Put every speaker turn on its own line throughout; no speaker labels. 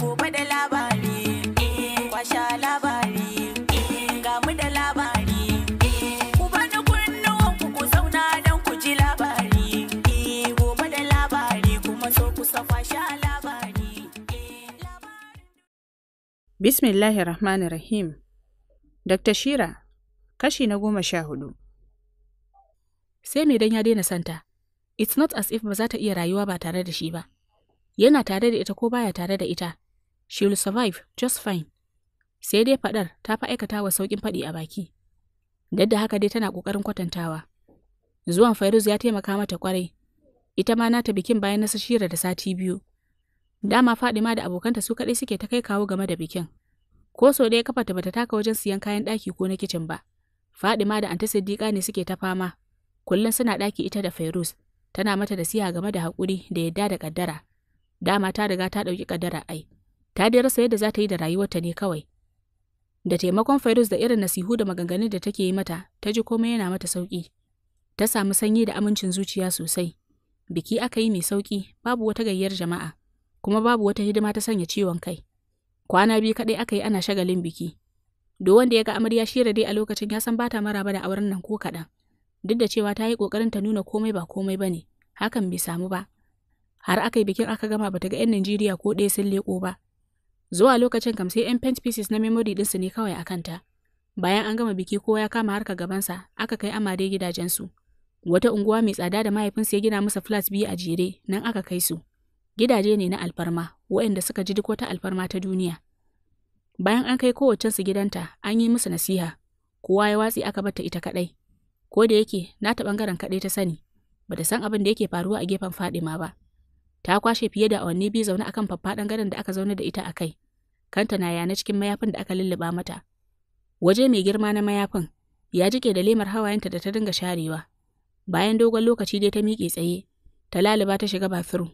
gobe da labari eh, kwasha labari eh, ga mu da labari eh, ku bani kunnuwan ku ku zauna don ku ji labari gobe da labari kuma so ku sa kwasha labari bismillahir rahmanir rahim dr shira kashi na goma sha hudu sai me dan ya daina santa it's not as if ba za ta iya rayuwa ba tare da shi ba yana tare da ita ko baya tare da ita She will survive just fine. Sai dai faɗar ta fi aikata wa sauƙin faɗi a baki. Duk da haka dai tana ƙoƙarin kwatantawa. Zuwan Fairuz ya taimaka mata ƙwarai. Ita ma nata bikin bayan na shira da sati biyu. Dama Fadima da abokanta su kaɗai suke ta kai kawo game da bikin. Ko so ɗaya kafa ta bata taka wajen siyan kayan ɗaki ko na kicin ba. Fadima da Anta Siddiƙa ne suke ta fama. Kullum suna ɗaki ita da Fairuz. Tana mata da siya game da haƙuri da yadda da ƙaddara. Dama ta riga ta ɗauki ƙaddara ai. ta dai rasa yadda za ta yi da rayuwarta ne kawai. Da taimakon Fairuz da irin nasihu da maganganun da take yi mata, ta ji komai yana mata sauƙi. Ta samu sanyi da amincin zuciya sosai. Biki aka yi mai sauƙi, babu wata gayyar jama'a, kuma babu wata hidima ta sanya ciwon kai. Kwana biyu kaɗai aka yi ana shagalin biki. Do wanda ya ga amarya shira dai a lokacin ya san bata maraba da auren nan ko kaɗan. Duk da cewa ta yi ƙoƙarin ta nuna komai ba komai ba ne, hakan bai samu ba. Har aka yi bikin aka gama bata ga 'yan Najeriya ko ɗaya sun leƙo ba. Zuwa lokacin kam sai 'yan paint pieces na memory su ne kawai a kanta. Bayan an gama biki kowa ya kama harka gabansa, aka kai amare gidajensu. Wata unguwa mai tsada da mahaifinsu ya gina masa flat biyu a jere, nan aka kai su. Gidaje ne na alfarma, waɗanda suka ji duk wata alfarma ta duniya. Bayan an kai kowaccensu gidanta, an yi musu nasiha. Kowa ya watsi aka bata ita kaɗai. Ko da yake, nata ɓangaren kaɗai ta sani, bata san abin da yake faruwa a gefen Fadima ba. ta kwashe fiye da awanni biyu zaune akan faffaɗan gadon da aka zaune da ita a kai kanta na yana cikin mayafin da aka lulluɓa mata waje mai girma na mayafin ya jike da lemar hawayenta da ta dinga sharewa bayan dogon lokaci dai ta miƙe tsaye ta laluba ta shiga bathroom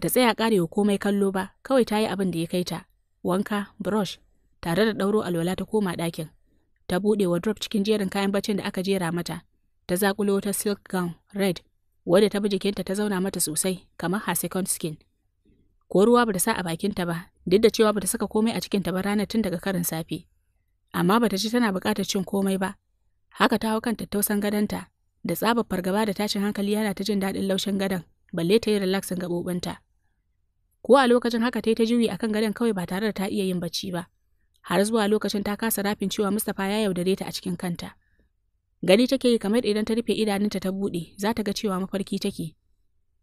ta tsaya karewa komai kallo ba kawai ta yi abin da ya kai ta wanka brush tare da ɗauro alwala ta koma ɗakin ta buɗe drop cikin jerin kayan baccin da aka jera mata ta zaƙulo ta silk gown red wadda ta bi jikinta ta zauna mata sosai kamar her second skin. Ko ruwa bata sa a bakinta ba, duk da cewa bata saka komai a cikinta ba ranar tun daga karin safe. Amma bata ji tana buƙatar cin komai ba, haka ta hau kan tattausan gadonta da tsabar fargaba da tashin hankali yana ta jin daɗin laushin gadon, balle ta yi relaxin gaɓoɓinta. Ko a lokacin haka ta yi ta juyi akan gadon kawai ba tare da ta iya yin bacci ba. Har zuwa lokacin ta kasa rafin cewa Mustapha ya yaudare ta a cikin kanta. Gani take yi kamar idan ta rufe idanunta ta buɗe, za ta ga cewa mafarki take.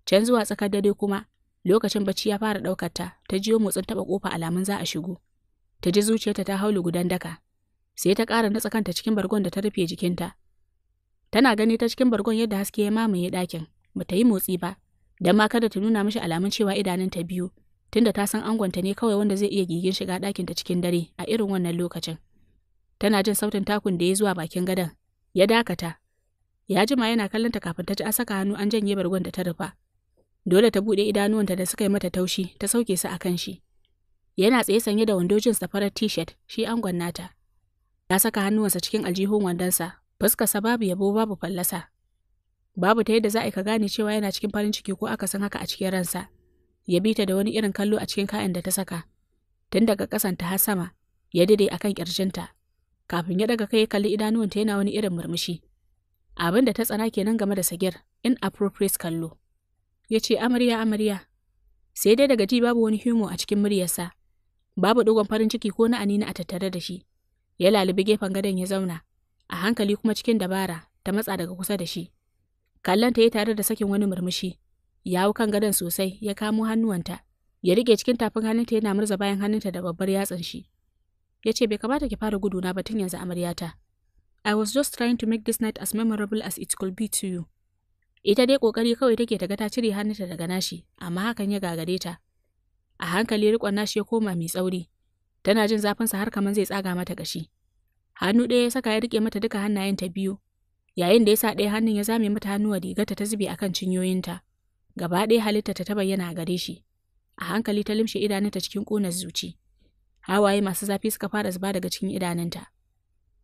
Can zuwa tsakar dare kuma, lokacin bacci ya fara ɗaukar ta, ta jiyo motsin taɓa ƙofa alamun za a shigo. Ta ji zuciyarta ta haulu gudan daka. Sai ta ƙara natsa kanta cikin bargon da ta rufe jikinta. Tana gani ta cikin bargon yadda haske ya mamaye ɗakin, ba ta yi motsi ba, don ma kada ta nuna mishi alamun cewa idanunta biyu, tunda ta san angonta ne kawai wanda zai iya gigin shiga ɗakinta cikin dare a irin wannan lokacin. Tana jin sautin takun da ya zuwa bakin gadon, Ya dakata, ya jima yana kallonta kafin ta ji an saka hannu an janye bargon da ta rufa. Dole ta buɗe idanuwanta da suka yi mata taushi ta sauke su a kan shi. Yana tsaye sanye da wandojin safarar t-shirt shi angon nata. Ya saka hannuwansa cikin aljihun wandonsa, fuskarsa babu yabo babu fallasa. Babu ta yadda za a ka gane cewa yana cikin farin ciki ko aka san haka a cikin ransa. Ya bi ta da wani irin kallo a cikin kayan da ta saka. Tun daga ƙasanta har sama, ya dade akan ƙirjinta. kafin ya daga kai ya kalli idanuwanta yana wani irin murmushi. Abin da ta tsana kenan game da sagir, appropriate kallo. Ya ce, Amarya, amarya, sai dai daga ji babu wani humo a cikin muryarsa, babu dogon farin ciki ko na anina a tattare da shi. Ya lalubi gefen gadon ya zauna, a hankali kuma cikin dabara, ta matsa daga kusa da shi. Kallon ta yi tare da sakin wani murmushi, ya hau kan gadon sosai, ya kamo hannuwanta, ya rike cikin tafin hannunta yana murza bayan hannunta da babbar yatsan shi. ya ce bai kamata ki fara guduna ba tun yanzu amaryata. I was just trying to make this night as memorable as it could be to you. Ita dai kokari kawai take ta ga ta cire hannunta daga nashi, amma hakan ya gagare ta. A hankali rikon nashi ya koma mai tsauri. Tana jin zafin sa har kaman zai tsaga mata kashi. Hannu ɗaya ya saka ya rike mata duka hannayen ta biyu. Yayin da ya sa ɗaya hannun ya zame mata hannuwa rigarta ta zube akan cinyoyinta. Gaba ɗaya halitta ta bayyana a gare shi. A hankali ta limshe idanunta cikin ƙonar zuci. hawaye masu zafi suka fara zuba daga cikin idanunta.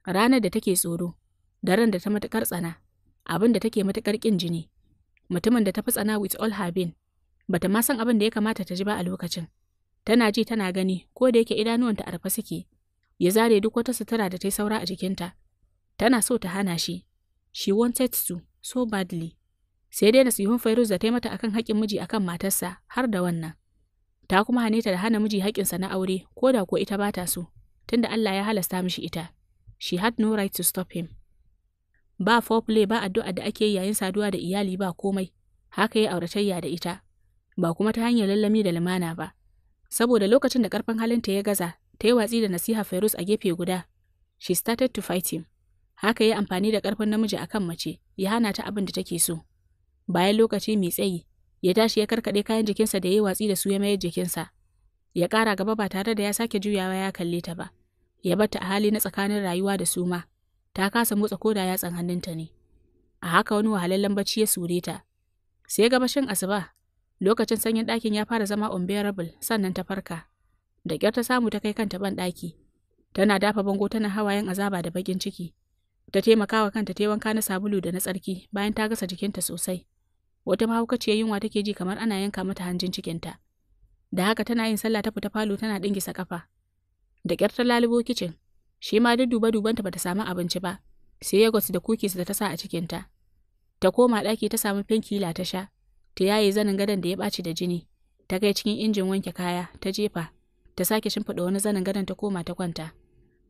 Ranar da take tsoro, daren da ta matuƙar tsana, abin da take matukar ƙin jini, mutumin da ta fi tsana with all her being, bata ma san abin da ya kamata ta ji ba a lokacin. Tana ji tana gani ko da yake idanuwanta a rufe suke, ya zare duk wata sutura da ta yi saura a jikinta. Tana so ta hana shi. She wanted to so badly. Sai dai nasihun Fairuz da ta yi mata akan haƙƙin miji akan matarsa har da wannan. ta kuma hane ta da hana miji haƙƙinsa na aure ko da ko ita ba ta so tunda Allah ya halasta mishi ita she had no right to stop him ba foreplay ba addu'a da ake yayin saduwa da iyali ba komai haka yi auratayya da ita ba kuma ta hanyar lallami da lumana ba saboda lokacin da karfin ta ya gaza ta yi watsi da nasiha ferus a gefe guda she started to fight him haka ya amfani da karfin namiji akan mace ya hana ta abin da take so bayan lokaci mai tsayi ya tashi ya karkaɗe kayan jikinsa da ya yi watsi da su ya mayar jikinsa, ya ƙara gaba ba tare da ya sake juyawa ya kalle ta ba, ya batta a hali na tsakanin rayuwa da su ma ta kasa motsa koda yatsan hannunta ne. A haka wani wahalallen bacci ya sure ta. Sai gabashin asuba, lokacin sanyin ɗakin ya fara zama unbearable sannan ta farka. Da ƙyar ta samu ta kai kanta ban ɗaki. Tana dafa bango tana hawayen azaba da baƙin ciki. Ta taimakawa kanta ta wanka na sabulu da na tsarki bayan ta gasa jikinta sosai. wata mahaukaciyar yunwa take ji kamar ana yanka mata hanjin cikinta da haka tana yin sallah ta fita falo tana dingisa kafa da ƙyar ta lalubo kicin shi ma duk duba dubanta bata samu abinci ba sai yogurt da kukis da ta sa a cikinta ta koma ɗaki ta samu fenkila ta sha ta yaye zanin gadon da ya ɓaci da jini ta kai cikin injin wanke kaya ta jefa ta sake shimfiɗa wani zanin gadon ta koma ta kwanta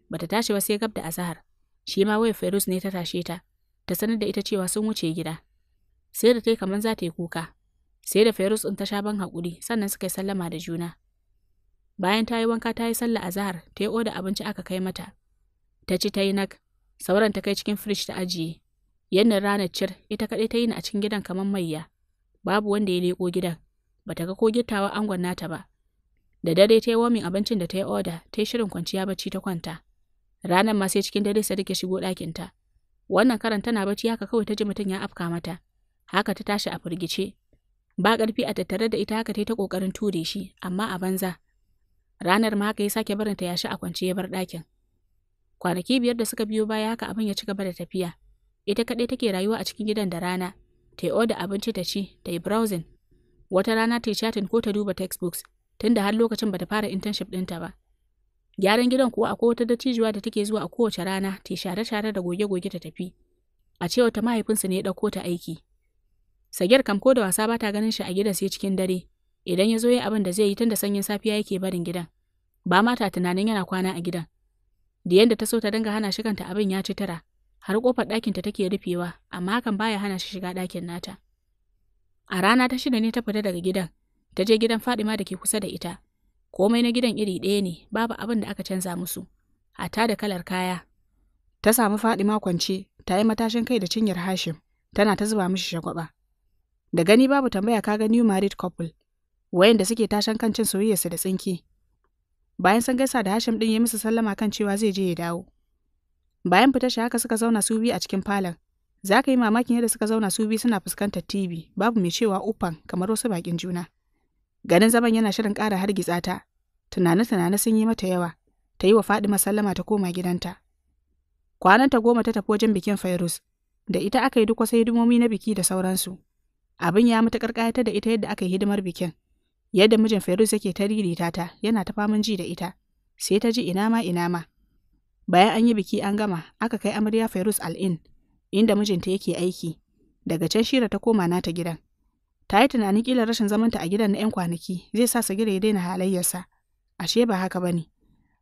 bata tashi ba sai gab da azahar shi ma wai Ferus ne ta tashe ta ta sanar da ita cewa sun wuce gida sai da ta yi kamar za ta yi kuka sai da ferus in ta sha ban haƙuri sannan suka yi sallama da juna bayan ta yi wanka ta yi sallah azahar ta yi oda abinci aka kai mata ta ci ta yi nak sauran ta kai cikin firish ta ajiye yannan ranar cir ita kaɗai ta yi a cikin gidan kamar mayya babu wanda ya leƙo gidan Ba ta ga ko gittawa angon nata ba da dare ta yi wamin abincin da ta yi oda ta yi shirin kwanciya bacci ta kwanta ranar ma sai cikin dare sai rike shigo ɗakinta wannan karan tana bacci haka kawai ta ji mutum ya afka mata haka ta tashi a firgice. Ba ƙarfi a tattare da ita haka ta yi ta ƙoƙarin ture shi, amma a banza. Ranar ma haka ya sake barinta ya yashi a kwance ya bar ɗakin. Kwanaki biyar da suka biyo baya haka abin ya ci gaba da tafiya. Ita kaɗai take rayuwa a cikin gidan da rana, ta yi oda abinci ta ci, ta yi browsing. Wata rana ta yi chatting ko ta duba textbooks, tunda har lokacin bata fara internship ɗinta ba. Gyaran gidan kuwa akwai wata dattijuwa da take zuwa a kowace rana ta yi share-share da goge-goge ta tafi. A cewa ta mahaifinsa ne ya ɗauko ta aiki. Sagir kam ko da wasa ba ta ganin shi a gidan sai cikin dare, idan ya zo ya abin da zai yi tun sanyin safiya yake barin gidan. Ba mata tunanin yana kwana a gidan. Da yadda ta so ta dinga hana shi kanta abin ya ci tara, har kofar ɗakinta take rufewa, amma hakan baya hana shi shiga ɗakin nata. A rana ta shida ne ta fita daga gidan, ta je gidan Fadima da ke kusa da ita. Komai na gidan iri ɗaya ne, babu abin da aka canza musu, hatta da kalar kaya. Ta samu Fadima kwance, ta yi matashin kai da cinyar Hashim, tana ta zuba mishi shagwaba. da gani babu tambaya kaga ga new married couple wayanda suke tashan kan cin soyayyarsu da tsinki bayan san gaisa da Hashim din ya musu sallama kan cewa zai je ya dawo bayan fitar shi haka suka zauna su biyu a cikin falon za ka yi mamakin yadda suka zauna su biyu suna fuskantar TV babu mai cewa uffan kamar wasu bakin juna ganin zaman yana shirin ƙara hargitsa ta tunane-tunane sun yi mata yawa ta yi wa Fadima sallama ta koma gidanta kwananta goma ta tafi wajen bikin firus, da ita aka yi duk wasu hidimomi na biki da sauransu Abin ya matuƙar ƙayatar da ita yadda aka yi hidimar bikin. Yadda mijin Feruz yake ta ririta ta, yana ta faman ji da ita. Sai ta ji ina ma ina ma. Bayan an yi biki an gama, aka kai amarya Feruz Al'in, inda mijinta yake aiki. Daga can Shira ta koma nata gidan. Ta yi tunanin kila rashin zamanta a gidan na 'yan kwanaki zai sa Sagira ya daina halayyarsa. Ashe ba haka ba ne.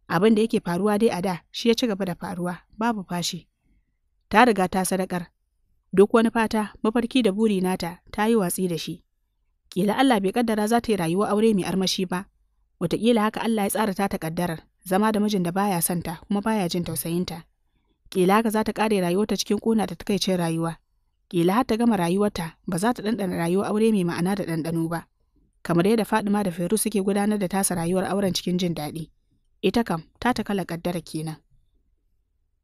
Abin da yake faruwa dai a da shi ya ci gaba da faruwa, babu fashi. Ta riga ta sadakar, duk wani fata mafarki da buri nata ta yi watsi da shi kila Allah bai kaddara za ta yi rayuwa aure mai armashi ba wataƙila haka Allah ya tsara ta ta kaddarar zama da mijin da baya son kuma baya jin tausayinta kila haka za ta kare rayuwarta cikin kona da takaicin rayuwa kila har ta gama rayuwarta ba za ta dandana rayuwar aure mai ma'ana da dandano ba kamar yadda Fadima da Feru suke gudanar da tasa rayuwar auren cikin jin daɗi ita kam ta takala kaddara kenan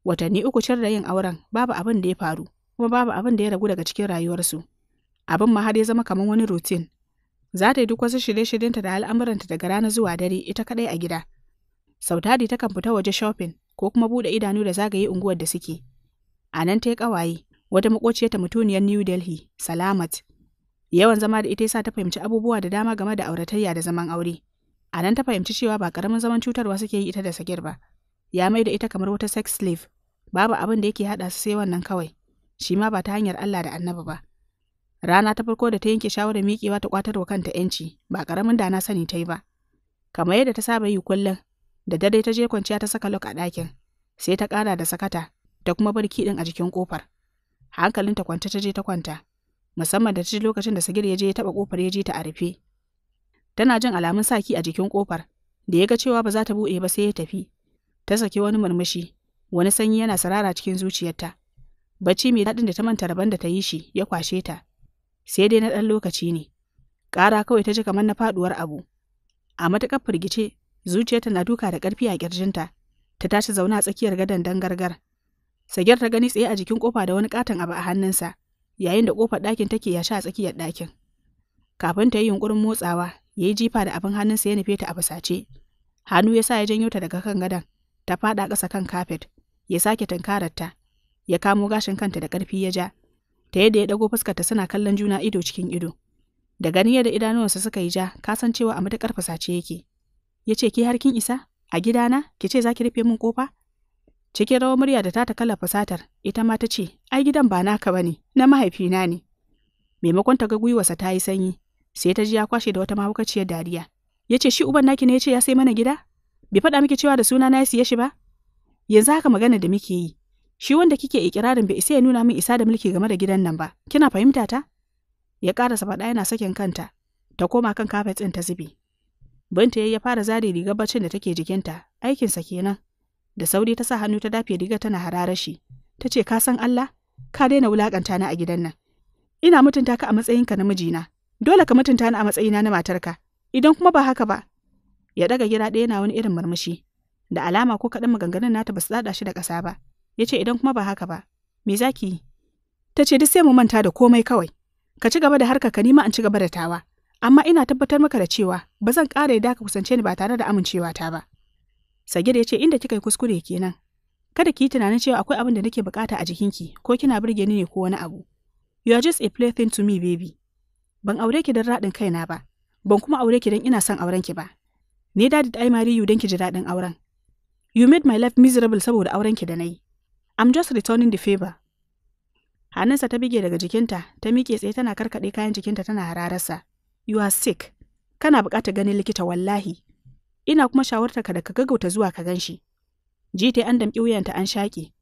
watanni uku cin da yin auren babu abin da ya faru kuma babu abin da ya ragu daga cikin rayuwarsu abin ma har ya zama kamar wani rutin. za ta yi duk wasu shirye-shiryenta da al'amuranta daga rana zuwa dare ita kadai a gida sautari takan fita waje shopping ko kuma buɗe idanu da zagaye unguwar da suke a nan ta yi kawaye wata ta mutuniyar new delhi salamat yawan zama da ita ya sa ta fahimci abubuwa da dama game da auratayya da zaman aure a nan ta fahimci cewa ba karamin zaman cutarwa suke yi ita da sakir ba ya mai da ita kamar wata sex slave babu abin da yake haɗa su sai wannan kawai shi ma ba ta hanyar Allah da annabi ba. Rana ta farko da ta yanke shawarar miƙewa ta ƙwatarwa kanta ‘yanci ba ƙaramin da na sani ta yi ba. Kamar yadda ta saba yi kullum, da dare ta je kwanciya ta saka lok a ɗakin, sai ta ƙara da sakata ta kuma bar kiɗin a jikin ƙofar. ta kwanta ta je ta kwanta, musamman da ta ji lokacin da Sagir ya je ya taɓa ƙofar ya ji ta a rufe. Tana jin alamun saki a jikin ƙofar, da ya ga cewa ba za ta buɗe ba sai ya tafi. Ta saki wani murmushi, wani sanyi yana sarara cikin zuciyarta. Bacci mai daɗin da ta manta rabon da ta yi shi ya kwashe ta. Sai dai na ɗan lokaci ne. Ƙara kawai ta ji kamar na faɗuwar abu. A matuƙar firgice, zuciyarta na duka da ƙarfi a ƙirjinta. Ta tashi zaune a tsakiyar gadon dangargar. Sagir ta gani tsaye a jikin ƙofa da wani ƙaton abu a hannunsa, yayin da ƙofar ɗakin take yashi a tsakiyar ɗakin. Kafin ta yi yunƙurin motsawa, ya yi jifa da abin hannunsa ya nufe ta a fusace. Hannu ya sa ya janyo ta daga kan gadon, ta faɗa ƙasa kan kafet, ya sake tunkarar ta. ya kamo gashin kanta da ƙarfi ya ja, ta yadda ya ɗago fuskarta suna kallon juna ido cikin ido. Da gani yadda idanuwansa suka yi ja, ka san cewa a matuƙar fasace yake. Ya ce, Ki har kin isa? A gidana? Ki ce za ki rufe min ƙofa? Cikin rawar murya da ta ta kalla fasatar, ita ma ta ce, Ai gidan ba naka ba ne, na mahaifina ne. Maimakon ta ga gwiwarsa ta yi sanyi, sai ta ji ya kwashe da wata mahaukaciyar dariya. Ya ce, Shi uban naki ne ya ce ya sai mana gida? Bai faɗa miki cewa da suna na ya siye shi ba? Yanzu haka magana da muke yi, Shi wanda kike ikirarin bai isa ya nuna min isa da mulki game da gidan nan ba. Kina fahimta ta? Ya karasa faɗa yana sakin kanta, ta koma kan kafet ɗin ta zube. Binta ya fara zare rigar baccin da take jikinta, sa kenan. Da sauri ta sa hannu ta dafe rigar tana harare shi. Ta ce, Ka san Allah? Ka daina wulakanta na a gidan nan. Ina mutunta ka a ka na mijina. Dole ka mutunta ni a matsayina na matarka. Idan kuma ba haka ba, ya daga gida ɗaya na wani irin murmushi. Da alama ko kaɗan maganganun nata ba su daɗa shi da ƙasa ba. ya ce idan kuma ba haka ba me za ki yi ta ce duk sai mu manta da komai kawai ka ci gaba da harka ka nima an ci gaba da tawa amma ina tabbatar maka da cewa ba zan ƙara yadda ka kusance ni ba tare da amincewa ta ba sagir ya ce inda kika yi kuskure kenan kada ki yi tunanin cewa akwai abin da nake bukata a jikinki ko kina burge ni ne ko wani abu you are just a plaything to me baby ban aure ki don raɗin kaina ba ban kuma aure ki don ina son auren ki ba ni da ai mari you don ki ji daɗin auren you made my life miserable saboda auren ki da yi. I'm just returning the favor. Hannunsa ta bige daga jikinta, ta miƙe tsaye tana karkaɗe kayan jikinta tana hararsa. You are sick. Kana buƙatar ganin likita wallahi. Ina kuma shawartar ka da ka gaggauta zuwa ka gan shi. Jita an damƙi wuyanta an shaƙe.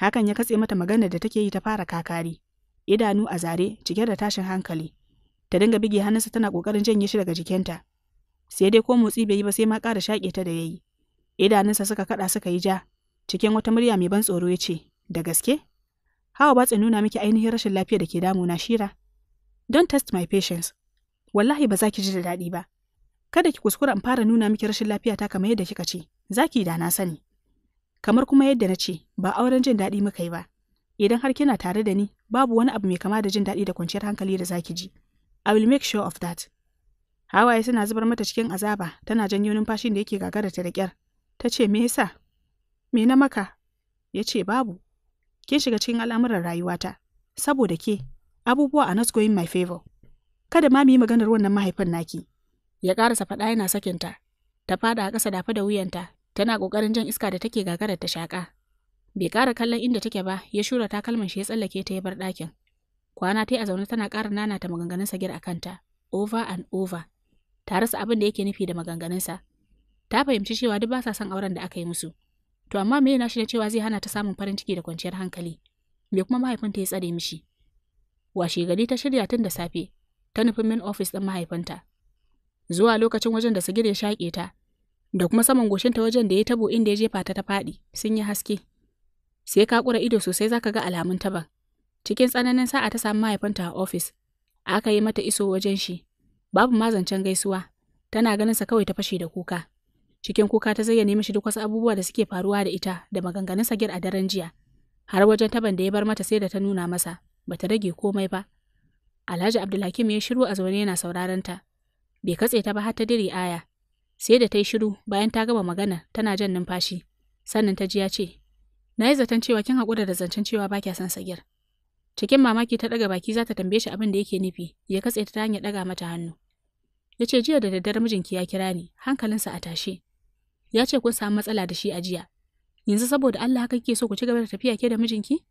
Hakan ya katse mata maganar da take yi ta fara kakari. Idanu a zare, cike da tashin hankali. Ta dinga bige hannunsa tana ƙoƙarin janye shi daga jikinta. Sai dai ko motsi bai yi ba sai ma ƙara shaƙe ta da yayi. Idanunsa suka kaɗa suka yi ja, Cikin wata murya mai ban tsoro ya ce, Da gaske? Hawa ba nuna miki ainihin rashin lafiya da ke damu, na shira. Don't test my patience. Wallahi ba za ki ji da daɗi ba. Kada ki kuskura in fara nuna miki rashin lafiya ta kamar yadda kika ce, za ki da na sani. Kamar kuma yadda na ce, ba auren jin daɗi muka yi ba. Idan har kina tare da ni, babu wani abu mai kama da jin daɗi da kwanciyar hankali da za ki ji. I will make sure of that. Hawaye suna zubar mata cikin azaba, tana janyo numfashin da yake gagara ta da ƙyar. Ta ce, Me yasa? Me na maka? Ya ce, Babu, ke shiga cikin al'amuran rayuwata, saboda ke, abubuwa a not going my favor. Kada ma mu yi maganar wannan mahaifin naki. Ya ƙarasa faɗa yana sakinta, ta fada a ƙasa dafa da wuyanta, tana ƙoƙarin jan iska da take gagarar ta shaƙa. Bai ƙara kallon inda take ba, ya shura takalman shi ya tsallake ta ya bar ɗakin. Kwana ta a zaune tana ƙara nanata maganganunsa gir a kanta, over and over. Ta rasa abin da yake nufi da maganganunsa. Ta fahimci cewa duk ba sa son auren da aka yi musu. To amma me yana shi cewa zai hana ta samun farin ciki da kwanciyar hankali? Me kuma mahaifinta ya tsare mishi? Washe gari ta shirya tun da safe, ta nufin min ofis ɗin mahaifinta. Zuwa lokacin wajen da Sagir ya shaƙe ta, da kuma saman goshinta wajen da ya tabo inda ya jefa ta ta faɗi, sun yi haske. Sai ka ƙura ido sosai zaka ga alamun taban. Cikin tsananin sa'a ta samu mahaifinta a ofis, aka yi mata iso wajen shi. Babu mazancen gaisuwa, tana ganin sa kawai ta fashe da kuka. Cikin kuka ta zayyane mishi duk wasu abubuwa da suke faruwa da ita da maganganun Sagir a daren jiya. Har wajen taban da ya bar mata sai da ta nuna masa, bata rage komai ba. Alhaji Abdulhakim ya shiru a zaune yana sauraron ta. Bai katse ta ba har ta dire aya. Sai da ta yi shiru bayan ta gama magana tana jan numfashi. Sannan ta ji ya ce, Na yi zaton cewa kin haƙura da zancen cewa ba kya son Sagir. Cikin mamaki ta ɗaga baki za ta tambaye shi abin da yake nufi, ya katse ta hanyar ɗaga mata hannu. Ya ce jiya da daddare mijinki ya kira ni, hankalinsa a tashe. ya ce kun samu matsala da shi a jiya. Yanzu saboda Allah haka kike so ku ci gaba da tafiya ke da mijinki?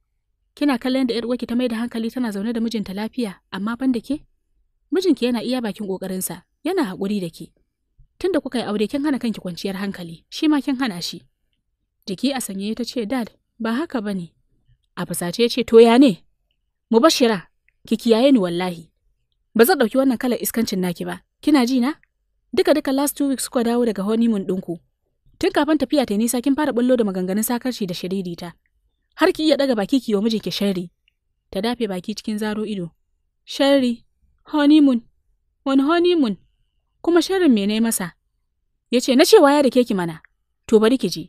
Kina kallon da 'yar uwarki ta mai da hankali tana zaune da mijinta lafiya, amma ban da ke? Mijinki yana iya bakin kokarin sa yana haƙuri da ke. Tunda kuka yi aure kin hana kanki kwanciyar hankali, shi ma kin hana shi. Jiki a sanye ta ce, "Dad, ba haka ba ne." A fusace ya ce, "To ya ne?" Mubashira, ki kiyaye ni wallahi. Ba zan ɗauki wannan kalar iskancin naki ba. Kina ji na? Duka duka last two weeks kuka dawo daga honeymoon dinku Tun kafin tafiya ta nisa kin fara bullo da maganganun sakarci da shiririta. Har ki iya daga baki ki wa mijinki shari Ta dafe baki cikin zaro ido. shari honeymoon, wani honeymoon, kuma sharrin mene masa? Ya ce, Na cewa ya da ke ki mana, to bari ki je.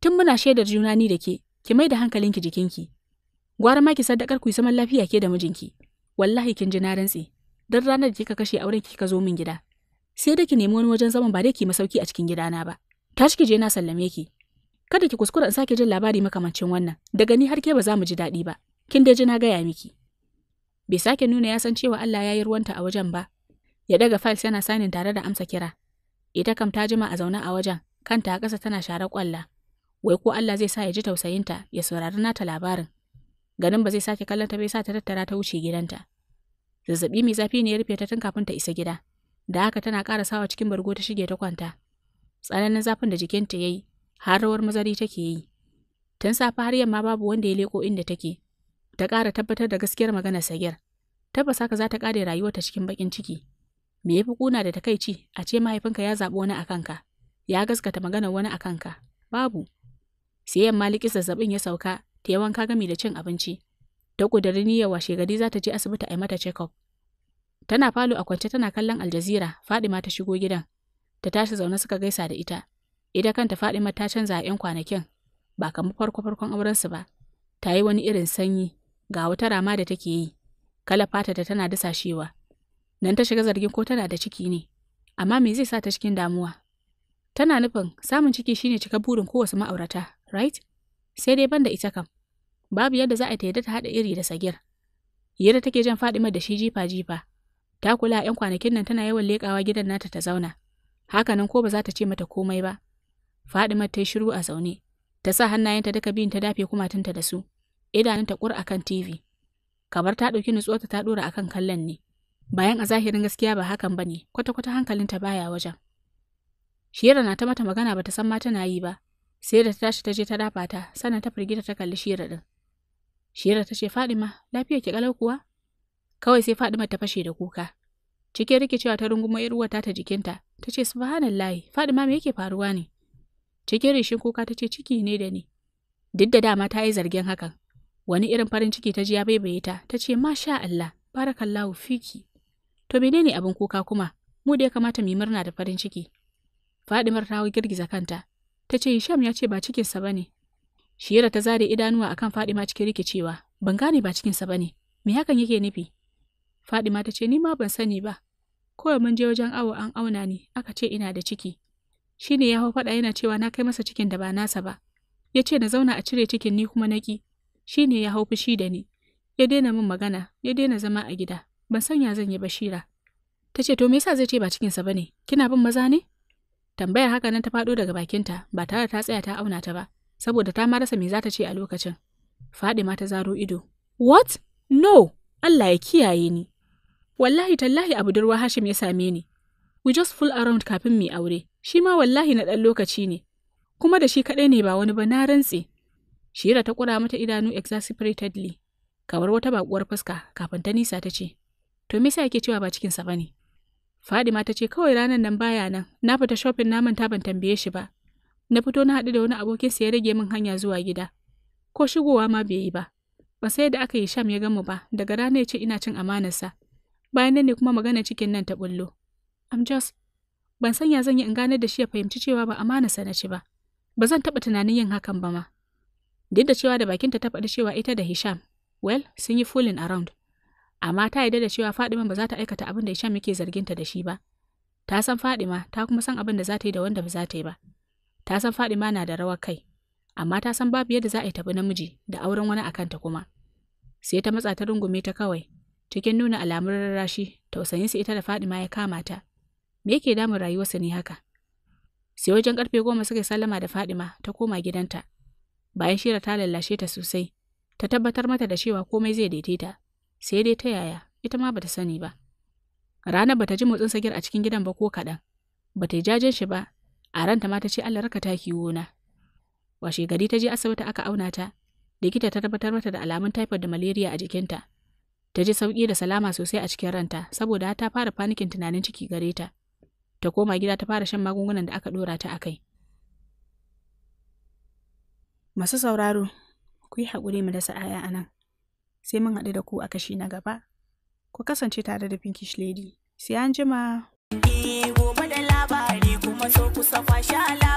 Tun muna shaidar juna ni da ke, ki mai da hankalinki jikinki. Gwara ma ki sadakar ku yi saman lafiya ke da mijinki. Wallahi kin ji na rantse, don ranar da kika kashe auren ki kika zo min gida. Sai da ki nemi wani wajen zaman ba dai ki masauki a cikin gidana ba. tashi ki je na sallame ki kada ki kuskura in sake jin labari makamancin wannan daga ni har ke ba za mu ji daɗi ba kin dai ji na gaya miki bai sake nuna ya san cewa Allah ya yi ruwanta a wajen ba ya daga files yana sanin tare da amsa kira ita kam ta jima a zaune a wajen kanta a ƙasa tana share kwalla wai ko Allah zai sa ya ji tausayinta ya saurari nata labarin ganin ba zai sake kallon ta bai sa ta tattara ta wuce gidanta zazzabi mai zafi ne ya rufe ta tun kafin ta isa gida da haka tana ƙara sawa cikin bargo ta shige ta kwanta tsananin zafin da jikinta ya yi, har rawar mazari take yi. Tun safe har yamma babu wanda ya leko inda take, ta ƙara tabbatar da gaskiyar maganar Sagir. Tabbas haka za ta ƙare rayuwarta cikin baƙin ciki. Me ya fi da takaici a ce mahaifinka ya zaɓi wani a kanka, ya gaskata maganar wani a kanka, babu. Sai yamma likis zazzabin ya sauka, ta yi wanka gami da cin abinci. Ta ƙudiri niyyar washe gari za ta je asibiti a yi mata check-up. Tana falo a kwance tana kallon Aljazira, Fadima ta shigo gidan. ta tashi zaune suka gaisa da ita. Ita kanta Fadima ta canza a 'yan kwanakin, ba kamar farko farkon aurensu ba. Ta yi wani irin sanyi, ga wata rama da take yi, kala fata ta tana dasashewa. Nan ta shiga zargin ko tana da ciki ne, amma me zai sa ta cikin damuwa? Tana nufin samun ciki shine cika burin kowace ma'aurata, right? Sai dai banda ita kam. Babu yadda za a ta yadda ta haɗa iri da sagir. Yadda take jan Fadima da shi jifa-jifa, ta kula 'yan kwanakin nan tana yawan leƙawa gidan nata ta zauna. hakanan ko ba za ta ce mata komai ba. Fadima ta yi shiru a zaune, ta sa hannayenta duka biyun ta dafe kumatunta da su, idanunta ta a kan TV. Kamar ta ɗauki nutsuwarta ta ɗora akan kallon ne, bayan a zahirin gaskiya ba hakan ba ne, kwata-kwata hankalinta baya wajen. Shira na ta mata magana ba ta san ma tana yi ba, sai da ta tashi ta je ta dafa ta, sannan ta firgita ta kalli Shira ɗin. Shira ta ce, Fadima, lafiya ki kalau kuwa? Kawai sai Fadima ta fashe da kuka. Cikin rikicewa ta rungumo ‘yar uwata ta jikinta, ta ce, Subhanallahi, Fadima me yake faruwa ne? Cikin rishin kuka ta ce ciki ne da ni. Duk da dama ta yi zargin hakan, wani irin farin ciki ta ji ya baibaye ta, ta ce, Masha Allah, barakallahu fiki. To menene abin kuka kuma? Mu da ya kamata mu yi murna da farin ciki. Fadimar ta girgiza kanta, ta ce Hisham ya ce ba cikinsa ba ne. Shira ta zare idanuwa akan Fadima cikin rikicewa, ban gane ba cikinsa ba ne, me hakan yake nufi? Fadima ta ce ni ma ban sani ba, Kawai mun je wajen awo an auna ni, aka ce ina da ciki. Shi ne ya hau faɗa yana cewa na kai masa cikin da ba nasa ba. Ya ce na zauna a cire cikin ni kuma na ƙi. Shi ne ya hau fushi da ni. Ya daina min magana, ya daina zama a gida. Ban ya zan yi bashira. Ta ce, To me yasa zai ce ba cikinsa ba ne? Kina bin maza ne? Tambayar haka nan ta faɗo daga bakinta ba tare ta tsaya ta auna ta ba, saboda ta ma rasa me za ta ce a lokacin. ma ta zaro ido. What? No! Allah ya kiyaye ni. Wallahi tallahi a budurwa Hashim ya same ni. We just full around kafin mu aure. Shi ma wallahi na ɗan lokaci ne. Kuma da shi kaɗai ne ba wani ba na rantse. Shira ta ƙura mata idanu exasperatedly. Kamar wata baƙuwar fuska kafin ta nisa ta ce. To me yasa yake cewa ba cikinsa ba ne? Fadima ta ce kawai ranar nan baya nan. Na fita shopping na manta ban tambaye shi ba. Na fito na haɗu da wani abokinsa ya rage min hanya zuwa gida. Ko shigowa ma bai yi ba. Ba sai da aka yi sham ya gamu ba daga rana ya ce ina cin amanar sa. Bayan nan ne kuma magana cikin nan ta bullo. I'm just ban sanya zan yi in ganar da shi ya fahimci cewa ba amana sanaci na ba. Ba zan taɓa tunanin yin hakan ba ma. Duk da cewa da bakinta ta faɗi cewa ita da Hisham, well, sun yi fooling around. Amma ta yarda da cewa Fadima ba za ta aikata abin da Hisham yake zarginta da shi ba. Ta san Fadima, ta kuma san abin da za ta yi da wanda ba za ta yi ba. Ta san Fadima na da rawar kai, amma ta san babu yadda za a yi tabi namiji da auren wani akan ta kuma. Sai ta matsa ta rungume ta kawai, Cikin nuna alamun rarrashi, tausayinsa ita da Fadima ya kama ta. Me yake damun rayuwarsa ne haka? Sai wajen karfe goma suka sallama da Fadima ta koma gidanta. Bayan Shira ta lallashe ta sosai, ta tabbatar mata da cewa komai zai daidaita. Sai dai ta yaya, ita ma bata sani ba. Ranar bata ji motsin sagir a cikin gidan ba ko kaɗan. Bata yi jajen shi ba, a ranta ma ta ce Allah raka ta kiwo na. Washe gari ta je asibiti aka auna ta, likita ta tabbatar mata da alamun typhoid da malaria a jikinta. Ta ji sauƙi da salama sosai a cikin ranta saboda ta fara fanikin tunanin ciki gare ta. Ta koma gida ta fara shan magungunan da aka ɗora ta a kai. Masu sauraro, ku yi haƙuri mu dasa aya anan Sai mun haɗu da ku a kashi na gaba. Ku kasance tare da Pinkish Lady. Sai an jima. Eh, gobe da labari kuma so safa